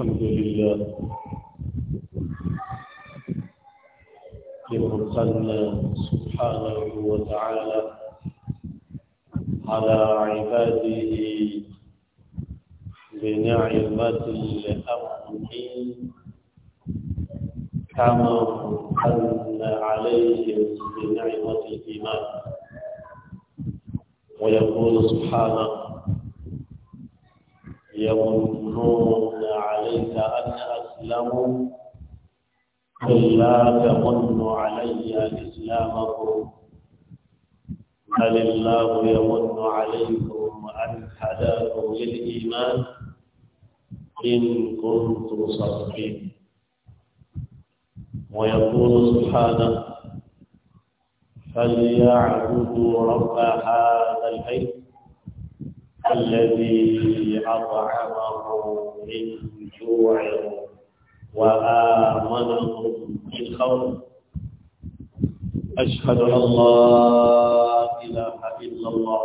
الحمد لله لمرسلنا سبحانه وتعالى على عباده بنعمة الأمن كما أن عليهم بنعمة الإيمان ويقول سبحانه يظنون عليك أن أسلموا قل لا تمن علي إسلامكم بل الله يمن عليكم أن هداكم للإيمان إن كنتم صادقين ويقول سبحانه فليعبدوا رب هذا البيت الذي أطعمه من جوع وآمنه من خوف أشهد أن لا إله إلا الله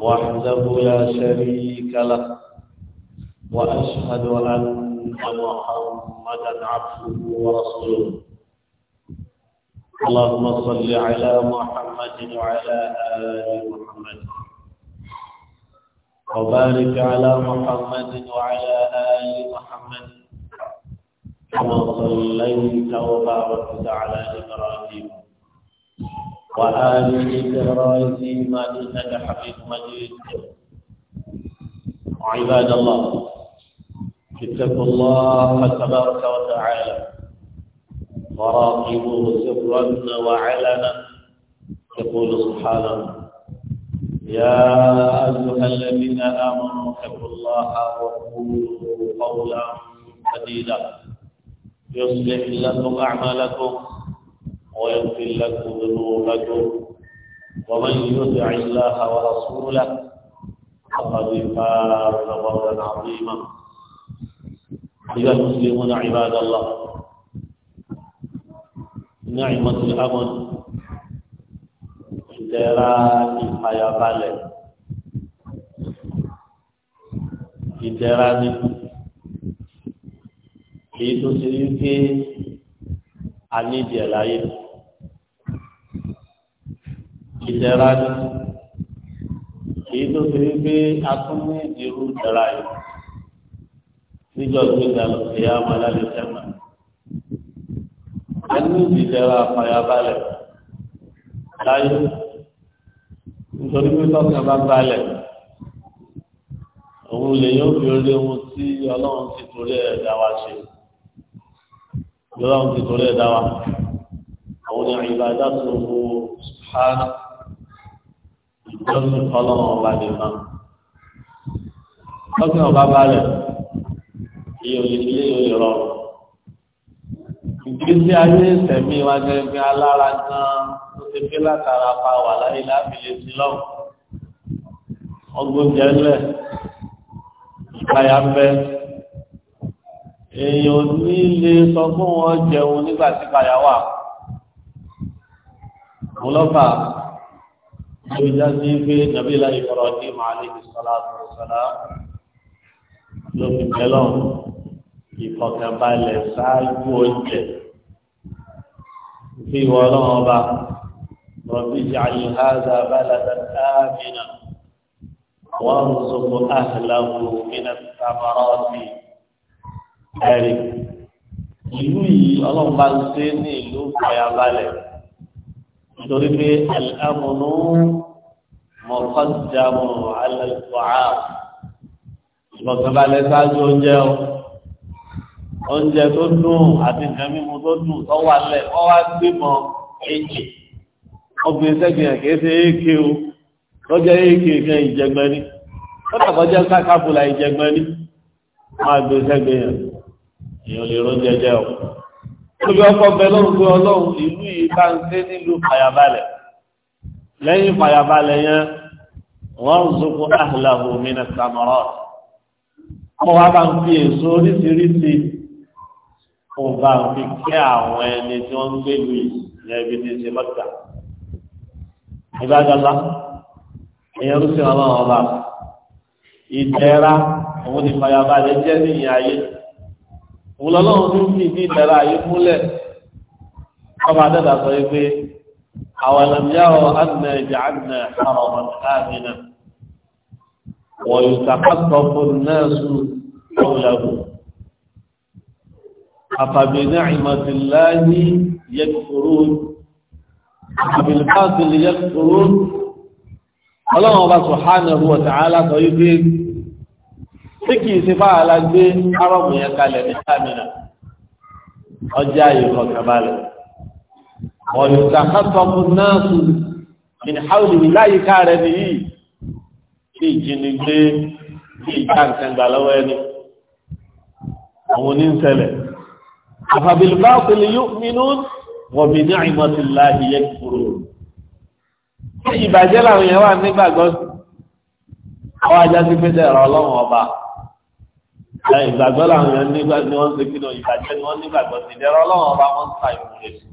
وحده لا شريك له وأشهد أن محمدا عبده ورسوله اللهم صل على محمد وعلى آل محمد وبارك على محمد وعلى آل محمد كما صليت وباركت على إبراهيم وآل إبراهيم إنك حميد مجيد عباد الله اتقوا الله تبارك وتعالى وراقبوه سرا وعلنا يقول سبحانه يا أيها الذين آمنوا اتقوا الله وقولوا قولا سديدا يصلح لكم أعمالكم ويغفر لكم ذنوبكم ومن يطع الله ورسوله فقد فاز فوزا عظيما أيها المسلمون عباد الله نعمة الأمن ìdẹ̀ra ìfàyàbalẹ̀ ìdẹ̀ra ni èyí tó ṣe wípé a ní ìdíẹ̀ láyé ìdẹ̀ra ni èyí tó ṣe wípé a tún ní ìdírú ìdẹ̀ra yìí níjọ́ tó ga lọ sí a ní ìdílé láyé torí pé tọ́sán bá balẹ̀ òun lè yóò fi orí ohun tí ọlọ́run ti torí ẹ̀ dá wa ṣe ọlọ́run ti torí ẹ̀ dá wa àwọn ìrìnlá ìdásòwò ṣá ìjọsìn ọlọ́run ọba nìkan tọ́sán ọba balẹ̀ iye òyìnbílẹ̀ yóò yọrọ ìgbésí ayé ìsẹ̀mí wa gẹ́gẹ́ alára gan-an ti pé látara pa wà láyé lábìlẹ̀ sí lọ́wọ́ ọgbọ́n jẹ́lẹ̀ ìpayà ń bẹ èèyàn ní lè sọ fún wọn jẹun nígbà tí ìpayà wà mo lọ́fà ló já sí pé nàbí láyé fọ̀rọ̀ ní màálí ìsọ̀lá àtọ̀sọ̀lá ló fi bẹ́lọ̀ ìfọ̀kànbalẹ̀ ṣáájú oúnjẹ bí ìwọ ọlọ́run ọba. رب اجعل هذا بلدا آمنا وارزق أهله من الثمرات أري ìlú yìí ọlọ́run bá ń ṣe ní ìlú fàyàbalẹ̀ nítorí pé alámúnú mọ̀kọ́dàmù alẹ́kọ̀ọ́ ìmọ̀kànbalẹ̀ ṣáájú oúnjẹ o oúnjẹ tó dùn àti nǹkan mímu tó dùn tó wà lẹ̀ wọ́n wá gbé mọ́ èjì ọgbìn sẹ́gbìn kìí ṣe éèké o lọ́jọ́ éèké kan ìjẹgbẹ́ ní lọ́dà kọjá kákàfùlà ìjẹgbẹ́ ní máa gbé sẹ́gbìn yẹn èèyàn lè rún jẹjẹ o. olùbí ọkọ bẹ lọ́run pé ọlọ́run ìlú yìí bá ń dé nílùú fàyàbalẹ̀ lẹ́yìn fàyàbalẹ̀ yẹn wọ́n ń sunkún ahlahu min as-samarat ọmọ wa bá ń fi èso oríṣiríṣi ó bá ń fi kẹ́ àwọn ẹni tí wọ́n ń gbé lu ìbádọ́lá èèyàn ló sì ọlọ́run ọba ìdẹ́ra òun ni fàyàbalẹ̀ jẹ́ níyìn ayé òun lọ́lọ́run tó fi ní ìdẹ́ra ayé múlẹ̀ ọba dẹ́dà sọ pé àwọn ẹlẹ́mìíyàwó àdìnà ìjà àdìnà àrọ̀ wọn káàmìnà wọ́n yóò sàkàtọ̀ fún náà sùn ọ̀hún lẹ́gùn. أفبنعمة الله يكفرون àbìlìkáàtì lè yẹ kúrò ọlọ́run ọba subhanahu wa ta'ala sọ wípé tí kìí ṣe bá alágbé árọ̀mù yẹn kalẹ̀ ní sámìnà ọjà ìfọ̀kànbalẹ̀ ọ̀yọ̀ta kátọ́mù náà sùn min hawli láyé káàrẹ̀ nìyí kí ìjínigbé kí ìjà lọ́wọ́ ẹni àwọn oníṣẹ̀lẹ̀ àfàbìlìkáàtì yóò wọ̀bí ní àìmọ̀tìlá ìyẹ́ kúrò. Ṣé ìbàjẹ́ làwọn yẹn wà nígbàgbọ́ sí? Àwọn ajá sí pé dẹ̀rọ ọlọ́run ọba. Ṣé ìgbàgbọ́ làwọn yẹn nígbà ni wọ́n ṣe kíni ìbàjẹ́ ni wọ́n nígbàgbọ́ sí? Dẹ̀rọ ọlọ́run ọba wọ́n ta ìmúre sí.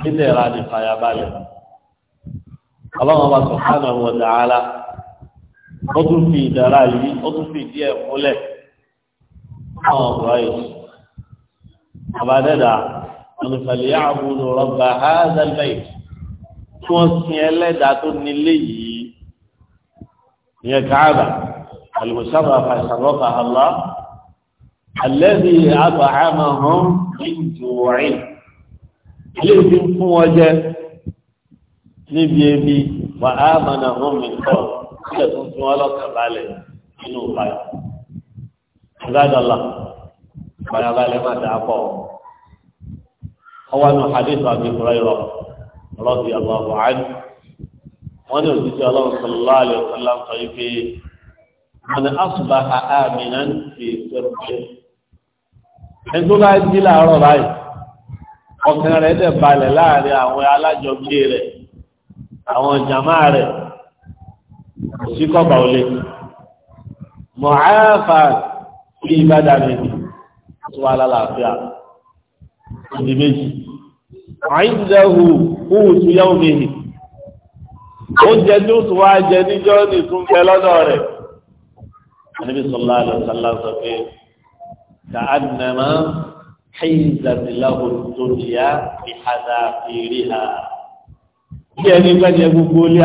Kí dẹ̀ra ni fàyàbalẹ̀? Ọlọ́run ọba subhanahu wa ta'ala. Ó tún fi ìdára yìí, ó tún fi ìdí ẹ̀ wọn fẹlẹ àbúrò rọba hazalbẹyì tí wọn sin ẹlẹ́dàá tó nílé yìí ìyẹn káàbà alùsàbà fàṣàrọkà àlá alẹbi àbà àmàhàn ìjòwòrìn ilé tí ń fún wọn jẹ níbi ebi wà àmànàhàn mi kọ sílẹ̀ tó ń fún wọn lọ́kàn balẹ̀ nínú ìbáyọ. ìbádọ́là ìbáyọ̀ balẹ̀ máa dà pọ̀ ọwọ́ ní hadith àbí Hurairah radiyallahu anhu wọ́n ní òṣìṣẹ́ ọlọ́run sallallahu alaihi wasallam sọ yìí pé man asbaha aminan fi sirrihi ẹni tó bá jí láàárọ̀ báyìí ọkàn rẹ̀ dẹ̀ balẹ̀ láàrin àwọn alájọgbé rẹ̀ àwọn jàmá rẹ̀ sí kọ́ba olè mọ̀ áfà kí ìbádàá mi tó wà lálàáfíà òdì méjì àìdáhù kóòtù yá omi hì oúnjẹ tí ó tún wá jẹ níjọ́ ní tún fẹ́ lọ́dọ̀ rẹ̀ àníbi sọlá àlọ́sálá sọ pé ka ànàmá ṣèyíṣàtìláhùn tó yá ìhàdà ìrí ha bí ẹni gbẹ́jẹ gbogbo ilé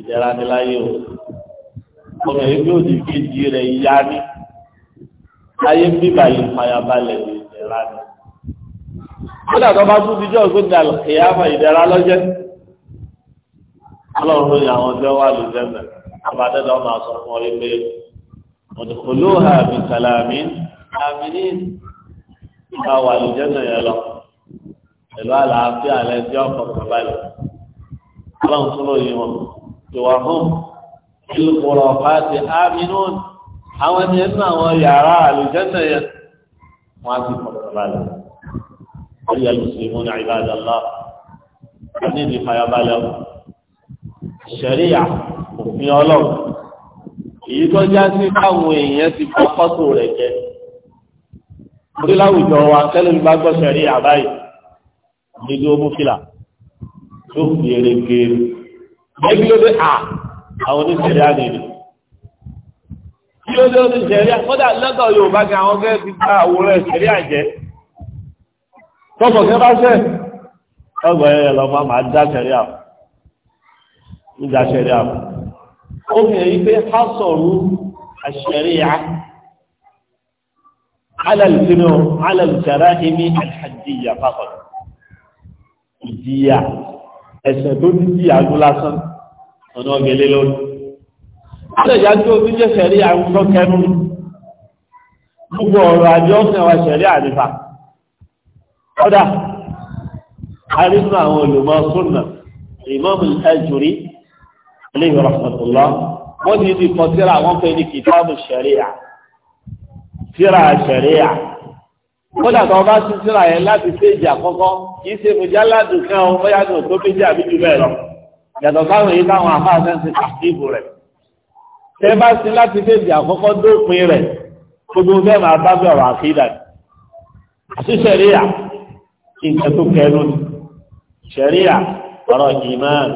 ìdẹ̀ra ni láyé o ọmọ yìí bí òdì kejì rẹ̀ yá ní ayé ń bíbà yìí fàyàbalẹ̀ ní ìdẹ̀ra ni. kódà tó bá tún dijọ́ ògbé ní àlùkìyàmọ̀ ìdẹ̀ra lọ́jẹ́ ọlọ́run ní àwọn ọjọ́ wà ló jẹ́mẹ̀ abadẹ́dọ̀ máa sọ fún ọ yìí pé ọ̀dùnkòló ha mi sàlámì àmì ní wà ló jẹ́mẹ̀ yẹn lọ pẹ̀lú àlàáfíà lẹ́sí ọkọ̀ kàbálẹ̀ ọlọ́run tún lóye wọn ìwàhùn ìlúkọ̀rọ̀ àti àmìnún àwọn ẹni ẹnu àwọn yàrá àlùjẹ́nà yẹn wọ́n á ti kọ̀ọ̀kan balẹ̀. Ayé alùsùlùmí ní ìbádàlá ní ìdí fàyàbalẹ̀ ṣẹ̀ríyà òfin ọlọ́run. Èyí tó já sí káwọn èèyàn ti bá kọ́tò rẹ̀ jẹ. Orí láwùjọ wa tẹ́lẹ̀ bá gbọ́ ṣẹ̀ríyà báyìí. Nídìí ó mú fìlà. Yóò fi eré geere ẹbí ló dé à àwọn oníṣẹ̀rí àdìrí kí ló dé oníṣẹ̀rí àkọ́dà lọ́dọ̀ Yorùbá gan àwọn gẹ́gẹ́ ti gba àwòrán ìṣẹ̀rí àjẹ́ tọ́pọ̀ kẹ́ bá fẹ́ ọgbà ẹ̀yẹ lọ́mọ máa dá ṣẹ̀rí àpò ìdá ṣẹ̀rí àpò obìnrin yìí pé ká sọ̀rọ̀ àṣẹ̀rí à alàlùsínú alàlùsàrá èmi àlàdìyà pàpàdà ìdíyà ẹ̀sẹ̀ tó ní ọ̀nà ọ̀gẹ̀lẹ̀ lórí. Àtẹ̀já tí ó ti jẹ́ sẹ̀rí àwọn tó kẹnu gbogbo ọ̀rọ̀ àjọ ọ̀sẹ̀wà sẹ̀rí àdìfà. Kọ́dà, a rí nínú àwọn olùmọ̀ súnà, ìmọ̀mù ẹ̀jùrí, alayhi rahmatullah, wọ́n ti di kan síra àwọn pé ní kìtàbù sẹ̀ríà, tó bá sí yàtọ̀ sáwọn èyí táwọn àfáà sẹ́ńsì àtìbù rẹ̀ tẹ bá sí láti fèsì àkọ́kọ́ dópin rẹ̀ gbogbo bẹ́ẹ̀ máa bá bẹ̀ ọ̀rọ̀ àkídà àti sẹ̀ríà nǹkan tó kẹnu sẹ̀ríà ọ̀rọ̀ ìmán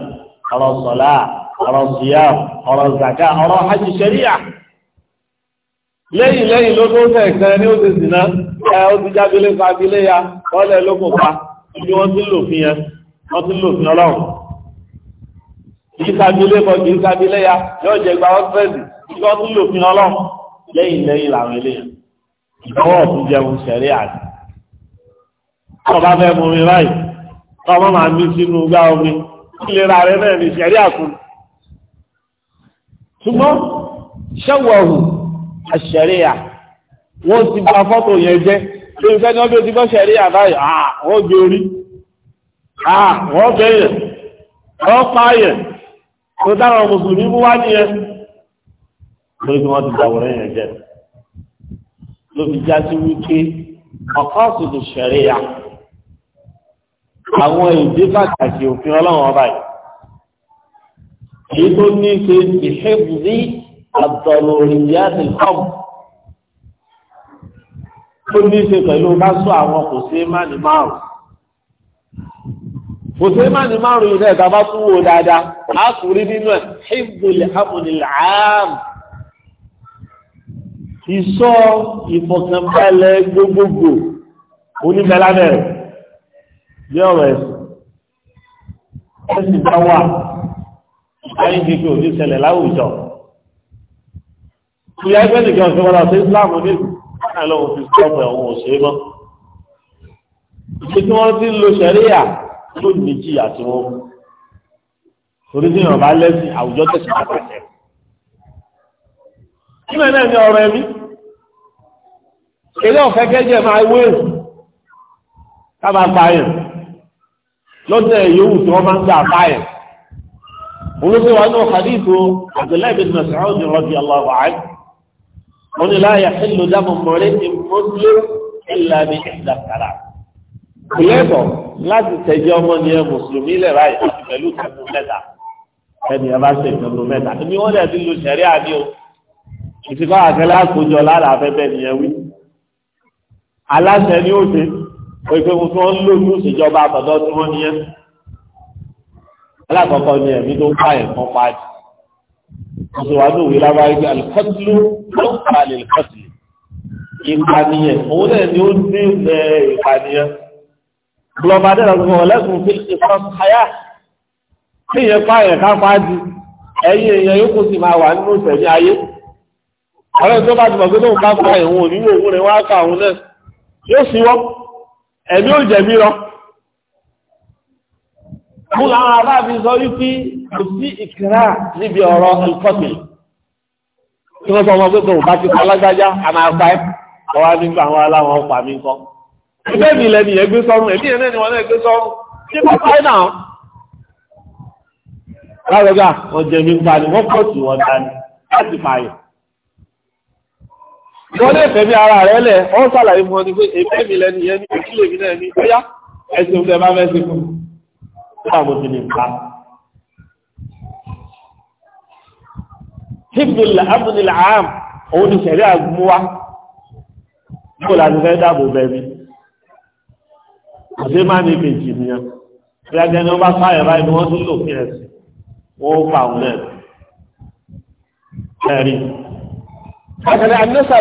ọ̀rọ̀ sọ̀lá ọ̀rọ̀ síyá ọ̀rọ̀ zàká ọ̀rọ̀ hajj sẹ̀ríà lẹ́yìn lẹ́yìn ló tó fẹ́ kan ní ó ti ẹ ó ti jábílé fa ya ọ̀lẹ́ ló kò pa ibi wọ́n ti lòfin yẹn wọ́n ti lòfin ọlọ́run kìí sábi lẹ́kọ̀ kìí sábi lẹ́yà yóò jẹ gba ọ́sẹ̀sì kí wọ́n tún yòfin ọlọ́run lẹ́yìn lẹ́yìn làwọn eléyìí ìdánwò tún jẹun sẹ̀rí àti. tó bá fẹ́ mumi báyìí tó ọmọ máa mí sínú gbá omi ìlera rẹ náà ní sẹ̀rí àkùn. ṣùgbọ́n ṣẹ́wọ̀hù àṣẹ̀rí à wọ́n ti gba fọ́tò yẹn jẹ́ bí ìfẹ́ ni wọ́n bí o ti à báyìí à wọ́n gbé orí à wọ́n bẹ̀yẹ̀ wọ́n pààyẹ̀ tó dáwọn mùsùlùmí mú wá ní ẹ lórí bí wọ́n ti dàwọ̀rẹ́ yẹn jẹ́ ló fi já sí wípé ọ̀kọ́sùdù ṣẹ̀ríyà àwọn ìdí pàtàkì òfin ọlọ́run ọba yìí èyí tó ní ṣe ìṣèbùdí àtọ̀lòrìyá ti kọ́m tó ní ṣe pẹ̀lú bá sọ àwọn kò sí mánì márùn mùsùlùmánì márùn yìí náà tá a bá tún wò dáadáa a kò rí nínú ẹ̀ hibul amunil'am ìsọ ìfọ̀kànbalẹ̀ gbogbogbò oníbẹ̀lábẹ̀rẹ̀ bí ọ̀rọ̀ ẹ̀sìn ẹ̀sìn bá wà ẹ̀yìn ti fi òní ṣẹlẹ̀ láwùjọ ìyá ẹgbẹ́ nìkan ọ̀sẹ̀ wọn àti Islam ní ìlú ọ̀hún fi sọ́ọ̀bù ẹ̀hún òṣèré mọ́ wọn ti ń lo ṣẹ̀ríyà yóò ní jìyà tí wọ́n mú torí tí yorùbá lẹ́sìn àwùjọ tẹ̀sí pàtàkì kí mẹ́rin náà ní ọ̀rọ̀ ẹ̀mí eré ọ̀fẹ́ kẹ́jẹ́ máa wé kábàá pààyàn lọ́dẹ̀ yòówù tí wọ́n máa ń gbà pààyàn olùsèwà náà hadithu abdullahi bin Mas'ud radiyallahu anhu wọn ni la yahillu damu mọ̀rẹ́ ti mọ́sílẹ̀ illa bi ihda salat ìlẹ́tọ̀ láti tẹ̀jẹ́ ọmọ ni ẹ mùsùlùmí lẹ̀ báyìí láti pẹ̀lú ìtẹ́nu mẹ́ta ẹni ẹ bá ṣe ìtẹ́nu mẹ́ta ẹni wọ́n dẹ̀ ti lu sẹ̀rí àdí o ìtìkọ́ àkẹlẹ́ àkójọ lára afẹ́fẹ́ nìyẹn wí. aláṣẹ ni ó ṣe pé mo fi wọn lójú ìṣèjọba àtọ̀dọ́ tí wọ́n nìyẹn. alákọ̀ọ́kọ́ ni ẹ̀mí tó ń pa ẹ̀kan paadi. mùsùlùmí òwe lábáyé pé alikọ́tìlú ló ń pa àlè ìpànìyàn òun náà ni ó dín ìpànìyàn lọ́ba dẹ́rọ gbogbo ọ̀lẹ́kùn fi ìfọ́n ayá tí ìyẹn pààyàn ká pàájú ẹ̀yìn èèyàn yóò kó sì máa wà nínú ìṣẹ̀mí ayé ọ̀rẹ́ tó bá ti mọ̀ pé tóun bá pààyàn òun nínú òun rẹ̀ wá ká òun náà yóò sì wọ́n ẹ̀mí ò jẹ̀mí lọ. mú làwọn aláàbí sọ wípé kò sí ìkìlá níbi ọ̀rọ̀ ìkọ́sì tí wọ́n sọ ọmọ pé tóun bá ti pa lágbájá àmà ẹgbẹ́ mi lẹ́nu yẹn gbé sọ́run ẹ̀mí yẹn lẹ́nu wọn náà gbé sọ́run ṣé bá fáyé náà. lárọ́gà wọn jẹ mi pa ni wọ́n pọ̀ sí wọn dání láti pààyàn. wọ́n lè fẹ̀mí ara rẹ̀ lẹ̀ wọ́n sàlàyé fún ọ ni pé ẹgbẹ́ mi lẹ́nu yẹn ní ìdílé mi náà ní bóyá ẹsẹ̀ òun tẹ̀ bá fẹ́ sí fún un. nígbà mo ti ní nǹka. hibbil òun ni sẹ̀rí àgùnmú wa. la ti fẹ́ dáàbò bẹ́ẹ̀ mi àti má ní méjì nìyẹn bí ajẹ́ ni wọ́n bá sáyẹ̀ báyìí ni wọ́n tún lò kí ẹ̀sìn wọ́n ó fà wọn náà ẹ̀rí. àkàlẹ́ àdínẹ́sà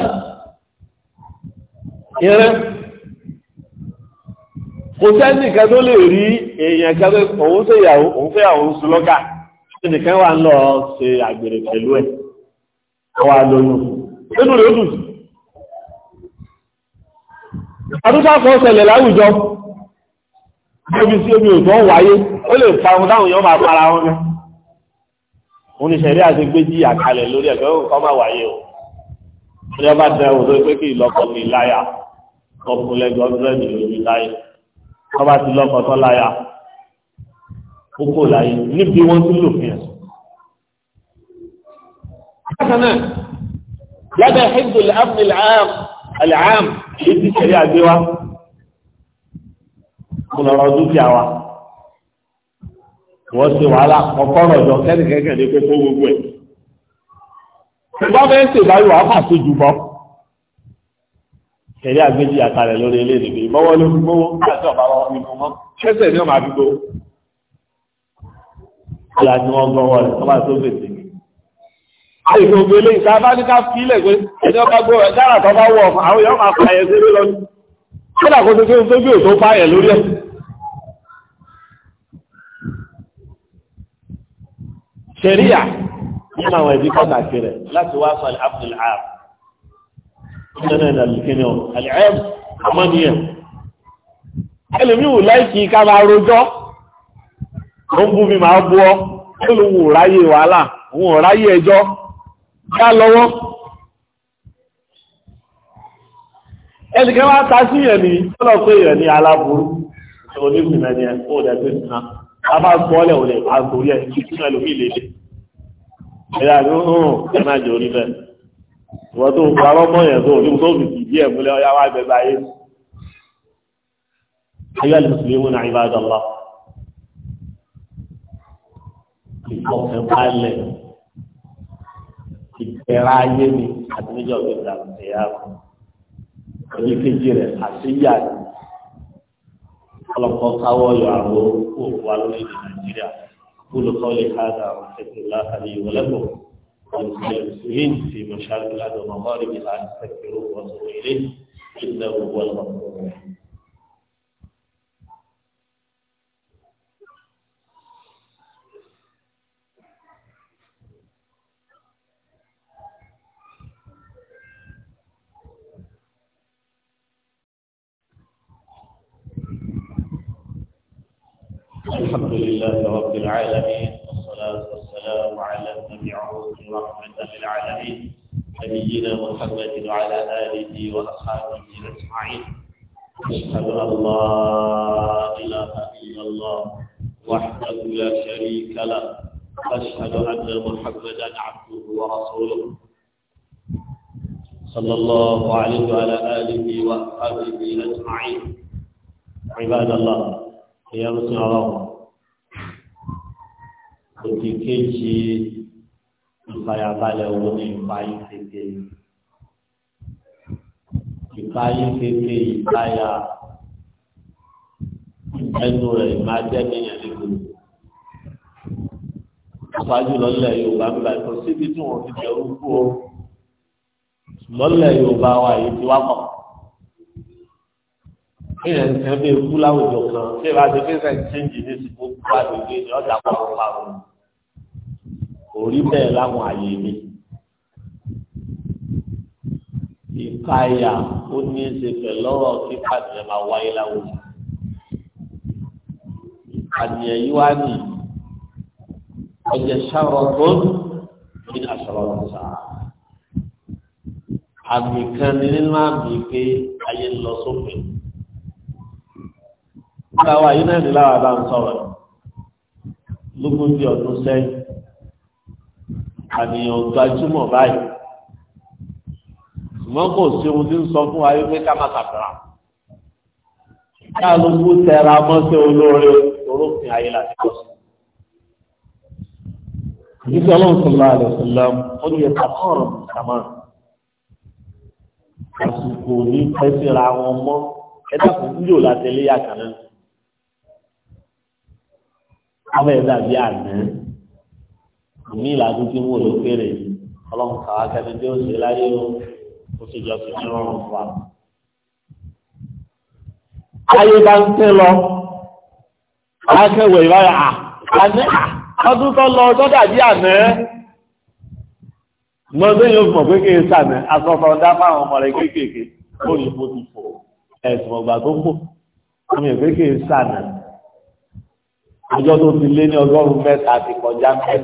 yẹrẹ kò sẹ́ni kan tó lè rí èèyàn kan tó òun ṣe ìyàwó òun fẹ́ àwọn oṣù lọ́gà ẹnìkan wà ń lọ ṣe àgbèrè pẹ̀lú ẹ̀ wà lóyún nínú rẹ̀ ó dùn. àdúgbò àkọsẹ̀lẹ̀ láwùjọ níbi tí omi òtọ́ wáyé ó lè fa ohun táwọn èèyàn máa para wọn náà wọn ní sẹ̀rí àti gbé jí àkàlẹ̀ lórí ẹ̀fẹ́ òǹkọ́ máa wáyé o ní ọba dẹ òun tó pé kí ìlọ́kọ̀ mi láyà ọkùnrin lẹ́gbẹ̀ẹ́ ọdún rẹ̀ lórí láyé ọba ti lọ́kọ̀ tán láyà kókó láyé níbi wọn tún lò fi hàn. bákan náà lábẹ́ hezbollah abdul aam alaam èyí ti kó dúkìá wa wọ́n ṣe wàhálà ọkọ́rọ̀ ọ̀dọ́ kẹ́nìkẹ́kẹ́ ní pé kó gbogbo ẹ̀. ìgbà bẹ́ẹ̀ ṣe ìbáyọ̀ wà fà sí jùbọ́. kẹ̀lé àgbéjì àtàlẹ̀ lórí ilé nìgbè ìmọ̀wọ́ ló fi gbówó àti ọ̀bá wọn ní fún kẹ́sẹ̀ ní ọmọ àdúgbò. ìyá ni wọ́n gbọ́ wọlé tó bá tó fèsì. àìsàn ògbélé ìta bá ní ká fi ilẹ̀ pé ẹni ọba kódà kó tuntun tó bí òtó pààyàn lórí ẹ̀. sẹ̀ríyà nínú àwọn ẹ̀bí pàtàkì rẹ̀ láti wá sọ abdul ab nínú ẹ̀dà lùkẹ́ni ọ̀ ó ń bú mi máa bú ọ ó ẹnìkan wá ta sí yẹn ni tọ́lọ̀ pé yẹn ni aláburú onígbìmọ̀ ni ẹ̀ ó dẹ̀ tó sí náà a máa gbọ́ lẹ̀ òlẹ̀ àgbórí ẹ̀ kí tún ẹlòmí lè lè ẹ̀yà ló hàn ẹ̀ máa jẹ orí bẹ́ẹ̀ ìwọ́n tó parọ́ mọ́ yẹn tó ní tó fi fìdí ẹ̀ ayé ni àti níjọ́ gbẹ̀gbẹ̀ àti ìyá orí kejì rẹ̀ ọlọ́kọ́ káwọ́ yọ àwọn òkú wa lórílẹ̀ nàìjíríà kúlù kọ́lé káàdà ọ̀sẹ̀kùnlá àlẹ́ ìwọlẹ́gbọ̀ والمسلمين في مشارق الأرض ومغاربها نستغفره ونتوب إليه إنه هو الغفور الرحيم الحمد لله رب العالمين والصلاة والسلام على المبعوث ورحمة العالمين نبينا محمد وعلى آله وأصحابه أجمعين أشهد أن لا إله إلا الله وحده لا شريك له أشهد أن محمدا عبده ورسوله صلى الله عليه وعلى آله وأصحابه أجمعين عباد الله ìyá ló sin ọlọ́run òdì kejì ìfàyàbalẹ̀ wo ni ìfàyè tètè ìfàyè tètè ìfàyà ẹnu rẹ̀ máa jẹ́ kéèyàn nígbò ṣáájú lọ́lẹ̀ yorùbá ń bá ẹ̀kọ́ síbi tí wọ́n ti bẹ̀rù kú o lọ́lẹ̀ yorùbá wa yìí ti wá kọ̀ọ̀kan èèyàn kan bẹ kú láwùjọ kan ṣé wàá ṣe fẹsẹ̀ ṣéǹjì ní ìsìnkú kú àgbègbè ní ọjà pàrọ̀ pàrọ̀ orí bẹ́ẹ̀ láwọn àyè mi. ìpayà ó ní í ṣe pẹ̀lú ọ̀rọ̀ kí pàdéyàn máa wáyé láwùjọ. ìpàdéyàn yìí wá nì ọjà ṣàrọ̀ tó ní àṣọrọ̀ ọ̀sà. àmì kan ní nínú àmì pé ayé ń lọ sópin nígbà wa yìí náà ní láwa bá ń sọ̀rọ̀ lógún bí ọdún sẹ́yìn àníyàn gbajúmọ̀ báyìí ṣùgbọ́n kò sí ohun tí ń sọ fún wa yìí pé ká má sàbẹ̀rà kálukú tẹra mọ́sẹ̀ olóore orókùn ayé láti kọ́ sí. Ìgbésí ọlọ́run sọ̀rọ̀ àlẹ́ sọ̀rọ̀ ó ní ẹ̀ka kọ́ọ̀rọ̀ kàmá. Àsìkò ní pẹ́sìra wọn mọ́ ẹ̀dá kò ń yò látẹ̀lé yàtọ̀ náà ọmọ dàbí àná àmì ìlànà tí wọ́n ló kéré ọlọ́run kàwá kẹ́ni tí ó ṣe láyé o ó ṣe jọ sí ní rọrùn fún ayé bá ń tẹ́ lọ akẹ́wẹ̀ ìbára àná ọdún tó lọ ọjọ́ dàbí àná lọ́dún yóò mọ̀ pé kéè sàmì asọ́fọ́ ọ̀dá fáwọn ọmọ rẹ̀ kéékèèké ó lè mo ti fò ẹ̀sùn ọgbà tó ń bò ọmọ ìpé kéè sàmì ọjọ́ tó ti lé ní ọgọ́rùn-ún mẹ́ta àti kọjá mẹ́ta.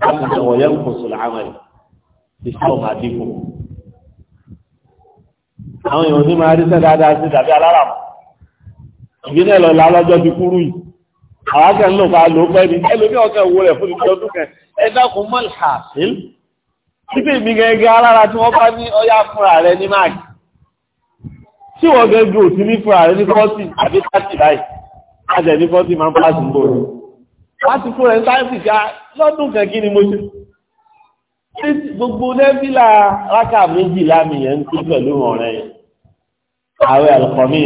Bákan náà wọ̀nyẹ́ ń kóso làwọn ẹ̀ iṣẹ́ ọmọ àdínkù. Àwọn èèyàn ní máa rí sẹ́ dáadáa sí dàbí alára mọ̀. Ìgbínà ìlọ ìlà lọ́jọ́ bí kúrú yìí. Àwọn akẹ́ ń lò pa lò pẹ́ ní ẹlòmí ọ̀kẹ́ wo rẹ̀ fún ìgbé ọdún kẹ. Ẹ dákun mọ́ ìhà sí. Síbí mi gẹ́gẹ́ alára tí wọ́n bá ní ọyá fúnra rẹ̀ ní máàkì tí wọ́n gẹ́ ju òsì ní fún ààrẹ ní fọ́tì àbí pàtì láì àjẹ́ ní fọ́tì máa ń pàtì bò rẹ̀ láti fún rẹ̀ sáyẹ́ǹsì já lọ́dún kan kí ni mo ṣe gbogbo nẹ́bílà rákà méjì lámì yẹn ń kú pẹ̀lú ọ̀rẹ́ yẹn ààrẹ àlùkọ́mí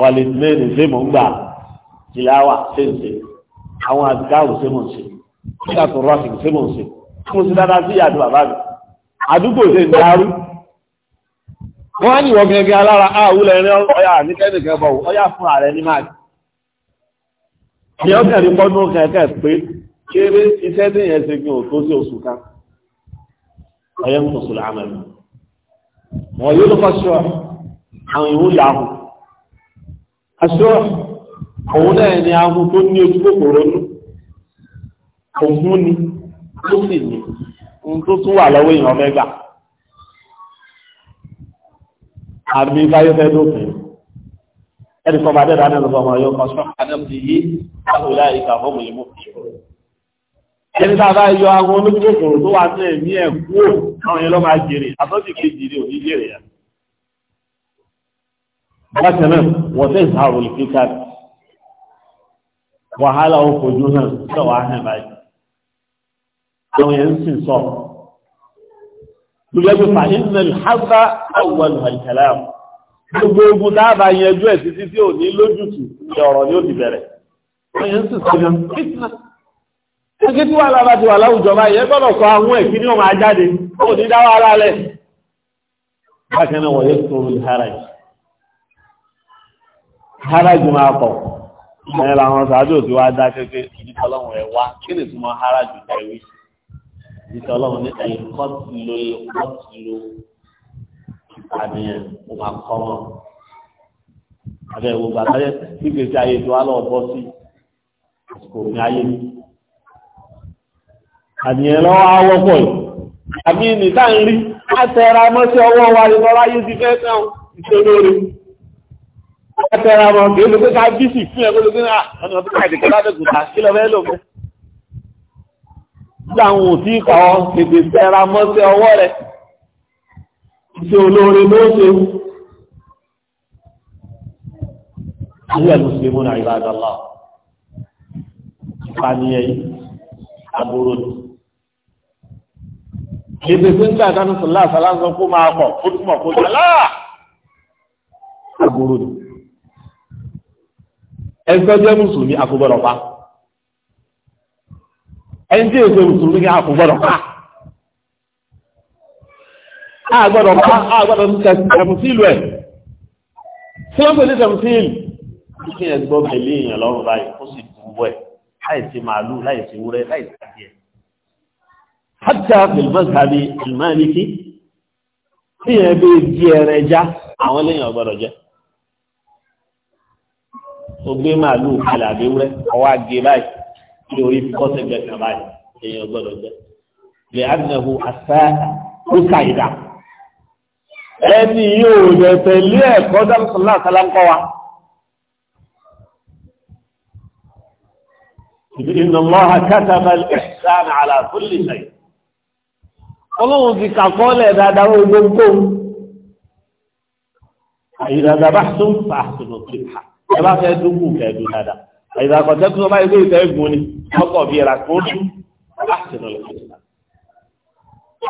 wàlẹ̀tìmẹ́rin ṣé mò ń gbà tìláwà ṣèǹṣe àwọn àdìgáàrù ṣé mò ń ṣe nígbà tó rọ́ọ̀ṣì ṣé mò ń ṣe mo ti dáadáa sí àdúgbò bàbá mi àdúgbò ṣe ń darú wọ́n á ní ìwọ̀n gẹ̀gẹ̀ alára àwúlẹ̀ rẹ̀ ọ̀yà ní kẹ́nìkẹ́ bọ̀ ọ̀yà fún ààrẹ ní máàdì ìyọ́ kẹ̀rí pọ́nú kẹ̀kẹ́ pé kéré iṣẹ́ tí ìyẹn ṣe gbìn òtó sí oṣù ká ọ̀yẹ́ ń tòṣù láàmẹ́lú wọ́n yóò lọ́kọ́ ṣọ́ àwọn ìwú làáhùn aṣọ́ òun náà ni ahun tó ní ojú kòkòrò nù òun ni ó sì ní ohun tó tún wà lọ́wọ́ èèyàn mẹ́gbàá àbí báyé fẹ́ lópin ẹni kọ́ bá dẹ́dà náà lọ́wọ́ ọmọ yóò kọ́ sọ́ àdẹ́bùdì yìí àwòlá ìkà fọ́ọ̀mù yìí mú fi ẹni tá a bá yọ àwọn olójúgbò kòrò tó wà ní ẹ̀mí ẹ̀ kúrò àwọn yẹn máa jèrè àtọ́jú kejì rẹ̀ òní jèrè yẹn. bákan náà wọ́n fẹ́ ìsàrò ìfíkà wàhálà ó fojú hàn sọ̀wọ́ báyìí àwọn yẹn ń sìn sọ̀rọ̀ lójẹ́gbé fàínàlì hábà àwọn àìkàlám gbogbo ogun dáàbà yẹnjú ẹ̀ títí tí ò ní lójútù ní ọ̀rọ̀ ni ó ti bẹ̀rẹ̀ ẹ̀yẹn sì sọ́jọ́ fitna ẹgbẹ́ tí wà lára ti wà láwùjọ báyìí ẹgbẹ́ lọ sọ àwọn ẹ̀kí ní ọmọ ajáde ó ní dá wàhálà lẹ̀ bákan ẹ̀ wá kí ni túmọ̀ tẹ̀wé títí ọlọ́run ní ẹ̀kọ́tìló ẹ̀kọ́tìló àníyàn mo máa kọ́ wọn. Abẹ́ ìwò bàbá yẹn tí gbèsè ayé tó wá lọ́wọ́ bọ́ sí àsìkò ní ayé mi. Àníyàn lọ́wọ́ á wọ́pọ̀ yìí. Àbí ní tá ń rí látẹ̀ra mọ́sí ọwọ́ wa ní lọ́la ti fẹ́ sàn ìṣòlóore. Látẹ̀ra mọ́ kí ló pé ká bí sì fún ẹ̀ kó ló pé ọ̀nà tó ká láwọn ò tí kà ọ́ tètè tẹra mọ́sẹ́ ọwọ́ rẹ̀ ṣe olóore ló ṣe ayé mùsùlùmí náà ìbádọ́lá ìpànìyàn yìí aburú ni èdè tó ń gbà dánú sọlá àsálà ń sọ kó máa kọ ó túmọ̀ kó jọ láà aburú ni ẹgbẹ́ jẹ́ mùsùlùmí àkóbọ̀lọ́pàá ẹni tí èso mùsùlùmí kí a kò gbọ́dọ̀ pa a gbọ́dọ̀ pa a gbọ́dọ̀ tẹ̀mùsílù ẹ̀ tí wọ́n pè ní tẹ̀mùsílù kí ẹ gbọ́ pẹ̀lú èèyàn lọ́rùn báyìí ó sì dùn bọ́ ẹ̀ láìsí màálù láìsí wúrẹ́ láìsí adìẹ hajjá fìlmọ́sàbí ìmáníkì tí ẹ bí di ẹrẹ já àwọn lẹ́yìn ọgbọ́dọ̀ jẹ́ ó gbé màálù kalẹ̀ àbí wúrẹ́ ọwọ́ àgé báyìí kí orí bọ́ sẹ́gbẹ́ kan báyìí èèyàn gbọ́dọ̀ jẹ́ lè ánàwó àṣà ó ṣàyídà ẹni yóò lè tẹ̀lé ẹ̀kọ́ dáńsọ̀lá àtàlánkọ́ wa. إن الله كتب الإحسان على كل شيء ọlọ́run ti kàkọ́lẹ̀ dáadáa ó gbogbo àyíká dábàá tó ń fa àtúntò kí ẹ bá fẹ́ dúkù kẹ́ẹ̀dùn dáadáa àyìnbá àkọsẹ́ tó bá yẹ kó ìfẹ́ gùn ni ọkọ̀ bíi ẹ̀rà tó dún láti nà lọ́sẹ̀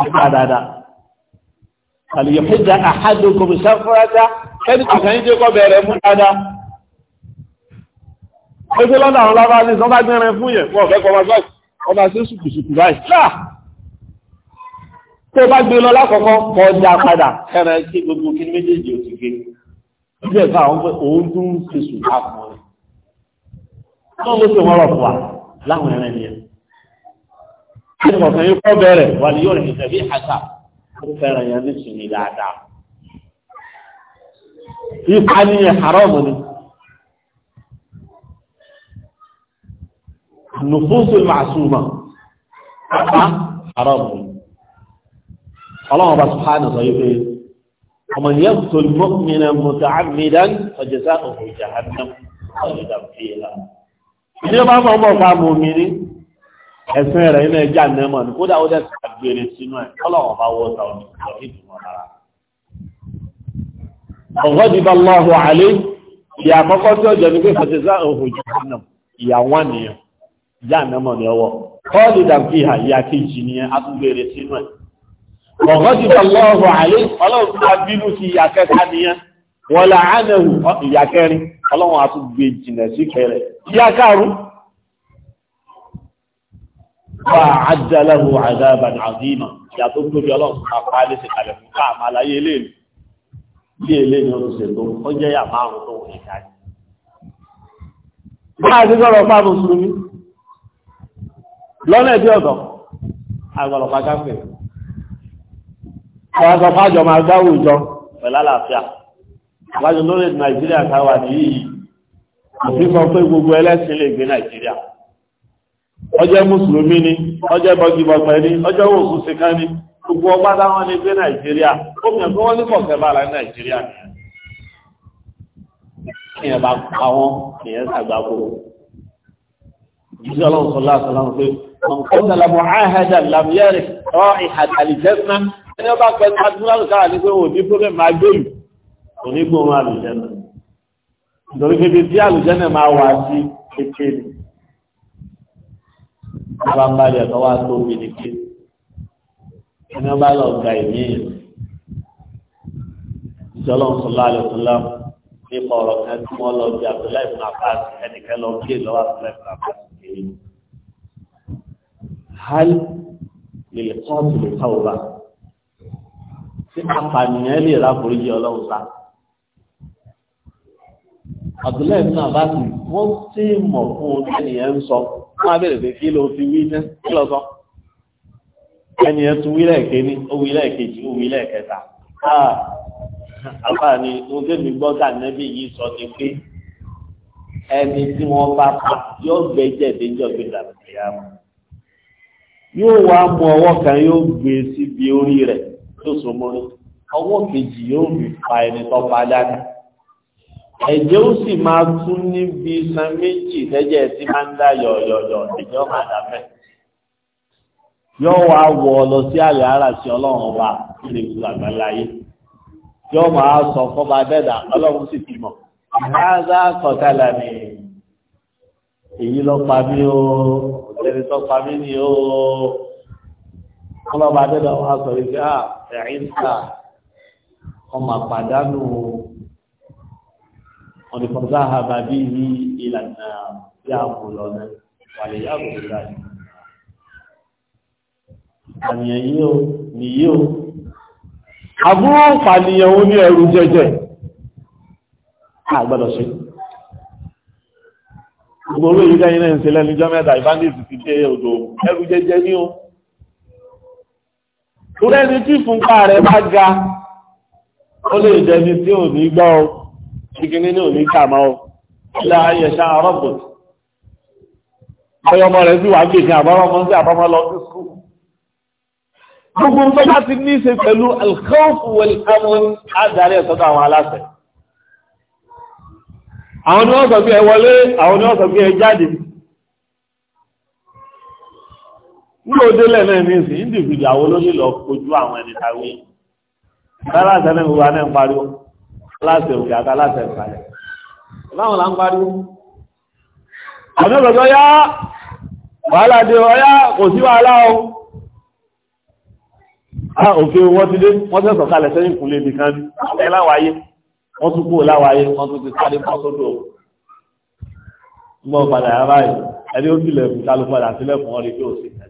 nípa dáadáa. àlùyọ̀ fẹ́jà àhádùn kòmùsà fúrájá kẹ́ni kò sẹ́yìn jẹ́ kọ́ bẹ̀rẹ̀ mú dáadáa. Ẹgbẹ́ lọ́dọ̀ àwọn lábá ní sọ́dá gbẹ́rin fún yẹn fún ọ̀fẹ́ kọmọ sọ́ọ̀sì, ọba sí ṣùkùṣùkù báyìí. Ṣáà! Tó bá gbé lọ lákọ̀ọ́kọ́ kọjá padà, kẹrẹ kí gbogbo kí méjèèjì ò ti gé. Ó jẹ́ fún àwọn pé òun dún ṣe sùn láàpọ̀ wọ́n ló ṣe wọ́n rọ̀ fún wa láwọn ẹran ẹni ẹ̀. ẹni kọ̀ọ̀kan yóò kọ́ bẹ̀rẹ̀ wà ní yóò rìn tẹ̀lé àṣà ó fẹ́ràn yẹn nísìnyí dáadáa. ipa ní ẹ̀ haramu ni. nufusu màsùmá pápá haramu ni. ọlọ́run bá subhanahu sọ yìí pé ọmọ yẹn tó mọ́kùnrin mọ́tàmídán ọjọ́ sáà òhùn jahannam ọ̀rẹ́dàm fìlà ìdí ó bá mọ̀ mọ̀ pa mọ̀ mi ní ẹ̀sìn rẹ̀ iná ẹja nẹ́mọ̀ ní kódà ó dẹ̀sí àgbèrè sínú ẹ̀ kọ́lọ̀wọ̀ bá wọ́ sàwọn ìdùnnú ara. ọ̀gọ́ ti bá lọ́hùn àlẹ́ ìyá àkọ́kọ́ tí ó jẹ́ ní pé fàtẹ́sà òhùn jùlọ ìyá wọn nìyẹn ìyá nẹ́mọ̀ ní ọwọ́ kọ́ọ̀lù dàbí ìhà ìyá kejì nìyẹn á tún gbèrè sínú ẹ̀. ọ̀gọ́ ti bá lọ́hùn àlẹ́ ọlọ́run wọ́n là ánẹ̀wù ìyà kẹrin ọlọ́run a tún gbé jìnà sí kẹrẹ ìyà kàrún wà ájálẹ̀wù àdáàbàn àdìmà ìyà tó tóbi ọlọ́run apá ní ṣèkàlẹ̀ fún káàmà aláyé eléèlú bí eléèlú ọdún ṣètò ó jẹ́ yà márùn tó wọ́n ìka jù máa wájú lórí nàìjíríà táwà nìyí àfi sọ pé gbogbo ẹlẹ́sìn lè gbé nàìjíríà ọjọ́ mùsùlùmí ni ọjọ́ bọ́gibọ̀gbẹ́ ni ọjọ́ òkú sikan ni gbogbo ọgbà táwọn lè gbé nàìjíríà ó mìíràn kí wọ́n ní kọ̀ọ̀kẹ́ bára ní nàìjíríà nìyẹn ìyẹn bá pa wọn ìyẹn sàgbàgbọ́ ìjọlọ́run sọ láti láwọn pé ọ̀nkọ́ta làmọ̀ àhẹ́dà làmúyẹ́rì ọ̀ ìhàdàlì jẹ́sán ẹni ọba pẹ̀lú adúláwò káà ní pé òní fúnlẹ̀ máa gbé yìí onígbòhun àlùjẹ́nà nítorí pé bí àlùjẹ́nà máa wà sí kékeré bá ń bá rẹ̀ tọ́wọ́ tó bí ní kí ẹni bá lọ ga ìmí ìjọlọ́run sọlá àlùsọlá nípa ọ̀rọ̀ kan tí wọ́n lọ bí àbúlá ìfún àpáàsì ẹnìkan lọ kí lọ́wọ́ àbúlá ìfún àpáàsì kiri. hal lè kọ́ ọ̀tún lè ká òbá tí apànìyàn lè ráforíjì ọlọ́run sáà. Abdullahi ibn Abbas wọ́n tí mọ̀ fún ojú ènìyàn ń sọ wọ́n á bẹ̀rẹ̀ pé kí ló fi wí ní kí lọ sọ ènìyàn tún wí lẹ́ẹ̀kẹ́ ní ó wí lẹ́ẹ̀kejì ó wí lẹ́ẹ̀kẹta ah, àbá ni mo tẹ́mi gbọ́ ká nẹ́bí yìí sọ ni pé ẹni tí wọ́n bá pa yóò gbẹ́jẹ̀ déjọ́ gbé dàbíyá mọ́ yóò wá mú ọwọ́ kan yóò gbé síbi orí rẹ̀ tó so mọ́ni ọwọ́ kejì yóò fi pa ẹni tó pa dáadáa ẹ̀jẹ̀ ó sì máa tún níbi iṣan méjì tẹ́jẹ̀ tí máa ń dá yọ̀yọ̀yọ̀ ẹ̀jẹ̀ ó máa dàbẹ̀ yóò wá wọ ọ lọ sí àyà ara sí ọlọ́run ọba ilé ìlú àgbáláyé yóò máa sọ fọba dẹ́dà ọlọ́run sì ti mọ̀ káàzá kọ̀tàlà ni èyí lọ pa mí o òtẹ́ni tó pa mí ni o ọlọ́ba dẹ́dà wá sọ wípé à ẹ̀yìn ta ọmọ àpàdánù o wọn ni kọ̀ọ̀dá àbá bí i ìlànà yáàbò lọ́nà wàlẹ̀ yáàbò lọ́nà àníyàn yìí ó nìyí ó àbúrò pàníyàn ó ní ẹrù jẹjẹ àgbọ́dọ̀ ṣe gbogbo èyí dáyé náà ń ṣe lẹ́nu jọ mẹ́ta ìbáníṣì ti dé odò ẹrù jẹjẹ ní o tó tí fúnpá rẹ̀ bá ga ó lè jẹni tí ò ní gbọ́ o kíkíní ní òní kàmá ọ láàyè ṣá rọ́bù ọyọ ọmọ rẹ̀ sí wàá gbèsè àbọ̀rọ̀ ọmọ sí àbọ̀mọ́ lọ sí skul. gbogbo ń tọ́ka ti ní í ṣe pẹ̀lú alkhawfu wal amn adarí ẹ̀sọ́tọ̀ àwọn aláṣẹ. àwọn ni wọ́n sọ bí ẹ wọlé àwọn ni wọ́n sọ bí ẹ jáde. ní òde lẹ́nà ní ìsìn ìdìbìdì àwọn olóyè lọ kojú àwọn ẹni tàwé. sára àtẹnudù wa náà ń pariwo aláṣẹ òkè àti aláṣẹ ìsàlẹ̀ láwọn là ń pariwo àwọn ọ̀dọ́ yá wàhálà dé ọyá kò sí wàhálà o a ah, òfin wọ́n ti dé wọ́n tẹ́ sọ̀kalẹ̀ sẹ́yìn kúlé nìkan ní ọ̀pẹ́ láwáyé wọ́n tún kúrò láwáyé wọ́n tún ti sáré bọ́ sódò mọ́ padà yàrá yìí ẹni ó tilẹ̀ fún kálù padà sílẹ̀kùn wọn rí pé òsì ẹ̀nà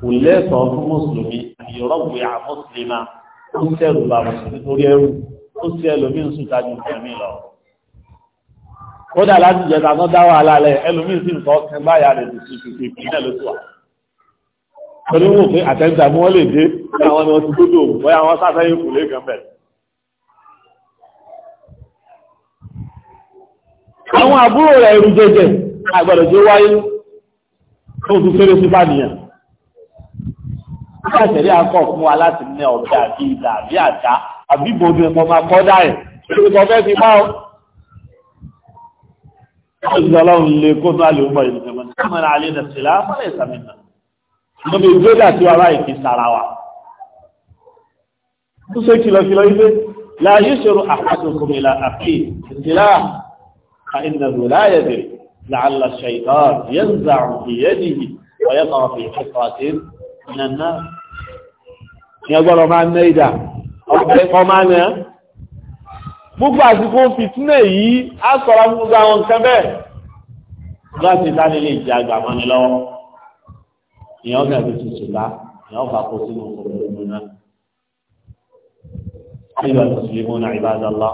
kò lẹ́sọ̀ọ́ fún mùsùlùmí àyọ̀rọ̀ ó tẹ̀rù bá wọn nítorí ẹrù ó sì ẹlòmíín sùn tájú fẹ̀mí lọ. kódà láti jẹta kan dá wàhálà lẹ ẹlòmíín sì nǹkan ọkàn báyà rẹ̀ ti ti ti fi náà ló tó torí wọn pé àtẹ̀ǹtà mú wọn lè dé àwọn ni ti dúdú bóyá wọn sáfẹ́yìn kù lé bẹ̀rẹ̀. àwọn àbúrò rẹ̀ ìrù jẹjẹ àgbàdo tó wáyé tó tún fẹ́rẹ́ sí fàdìyàn àṣẹ̀rí akọ̀ fún wa láti ní ọ̀bẹ àti ìlà àbí àṣà àbí bòdì ẹ̀mọ́ máa kọ́ dáyẹ̀ ṣe kọ́ fẹ́ fi máa ó ti ọlọ́run lè kó tó àlè ọmọ ìlú tẹ̀mọ́ ní kámẹ́rà alẹ́ nàṣẹ́lá mọ́lẹ̀ ìsàmìnà mo lè gbé dàtí wa láì fi sara wa. ó ṣe kìlọ̀kìlọ̀ yìí pé láàyè ṣòro àpàtúkùn ní ọgbọ́dọ̀ máa ná ìdá ọ̀pẹ́ kan máa ná gbogbo àsìkò fìtínà yìí á sọ̀rọ̀ gbogbo àwọn nǹkan bẹ́ẹ̀ láti láti lè jẹ àgbà mọ́ni lọ́wọ́ ìyẹn ọ̀gá ti tutù lá ìyẹn ọ̀fà kó sínú òkòrò ìlú náà ayọ̀ ìsìlẹ̀mù náà ìbádọ́lọ́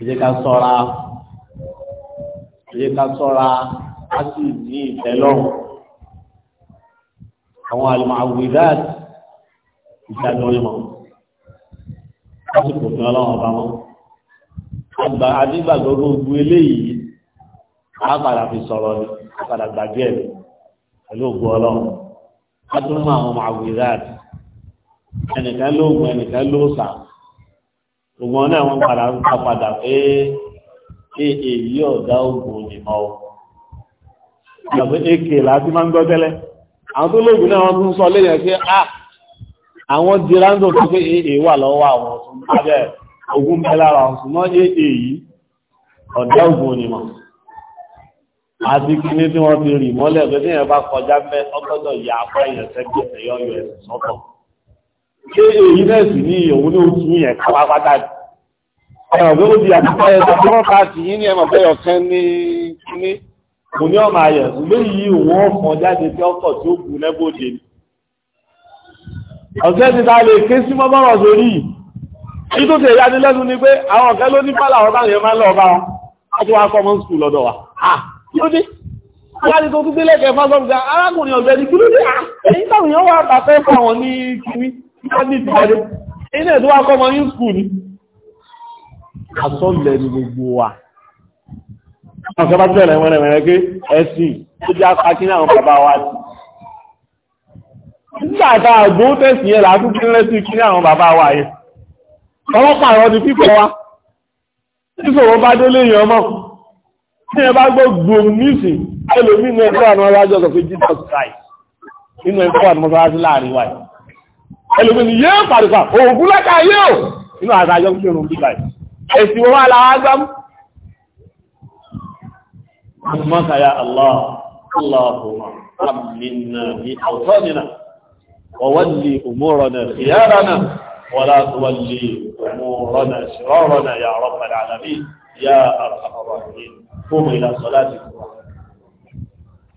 ìdí ká sọ́ra ìdí ká sọ́ra á sì ní ìfẹ́ àwọn al-mu'awwidhat ìṣàjọ ìmọ̀ lásìkò fún ọlọ́wọ́n ọba wọn. àgbà adígbàgbọ́ gbogbo eléyìí á padà fi sọ̀rọ̀ ni á padà gbàgbé ẹ̀ pẹ̀lú ògbó ọlọ́run. a tún mú àwọn mu'awwidhat ẹnìkan lóògùn ẹnìkan lóòsà gbogbo ọ̀nà wọn padà ń ta padà pé ṣé èyí ọ̀dá ògùn nìmọ̀ ọ́. àgbẹ̀ èkè làá máa ń gbọ́ tẹ́lẹ̀ àwọn tó lóògùn náà wọ́n tún sọ lẹ́yìn pé à ah, àwọn dirando tó pé èè wà lọ́wọ́ àwọn ọ̀tún lábẹ́ ogun bẹ́ lára ọ̀tún mọ́ èè yìí ọ̀dá ogun onímọ̀ àti kíní tí wọ́n ti rì mọ́lẹ̀ pé tí yẹn bá kọjá pé ọgọ́dọ̀ ya apá yẹn sẹ́gbẹ̀ ẹ̀yọ́ yọ ẹ̀sìn sọ́tọ̀ ṣé èyí náà sì ní òun ní oṣù yẹn kápá pátá ẹ̀rọ pé di àtúntà ẹ̀sìn mo ní ọmọ ayọ̀ léyìí òun ọ̀fọ̀ jáde tí ọkọ̀ tí ó kù lẹ́bọ̀dé ni ọ̀sẹ̀ ti ta lè ké sí mọ́bọ̀rọ̀ sórí yìí tí tó tẹ̀ yá ní lẹ́nu ni pé àwọn ọ̀kẹ́ ló ní pálá ọ̀rọ̀ táwọn èèyàn máa ń lọ bá wọn wọ́n tó wá kọ́ mọ́ skul lọ́dọ̀ wa yóò dé wọ́n ti tó tún délẹ̀kẹ́ fásọ́gbà arákùnrin ọ̀gbẹ́ ni kí ló dé ẹ̀yìn táwọn èèyàn wá bàtà ẹ̀fọ́ àwọn ní kiri wọ́n ní ìtìjáde ẹ̀yìn náà tó wá kọ́ mọ́ ní skul ni àsọ̀lẹ̀ ni gbogbo wa àwọn kan bá bẹ̀rẹ̀ wọ́n rẹ̀ pé ẹ̀sìn tó jẹ́ apákí náà bàbá wa sí nígbà tá a gbó tẹ̀sìn yẹn látún kí lẹ́sìn kí àwọn bàbá wa yẹn ọlọ́pàá àwọn ti fífọ́ wa níṣòro bá délé èèyàn mọ́ tí ẹ bá gbọ́ gbòm nísìn ẹlòmí inú ẹ̀kọ́ àwọn ọlọ́jọ́ sọ pé Jesus Christ inú ẹ̀kọ́ àwọn mọ́sálásí láàrin wa ẹlòmí ni yé pàdùpà òògùn lẹ́ka yé o inú àtàjọ́ kí أمك يا الله اللهم أمنا أوطاننا وولي أمورنا خيارنا ولا تولي أمورنا شرارنا يا رب العالمين يا أرحم الراحمين قوموا إلى صلاتكم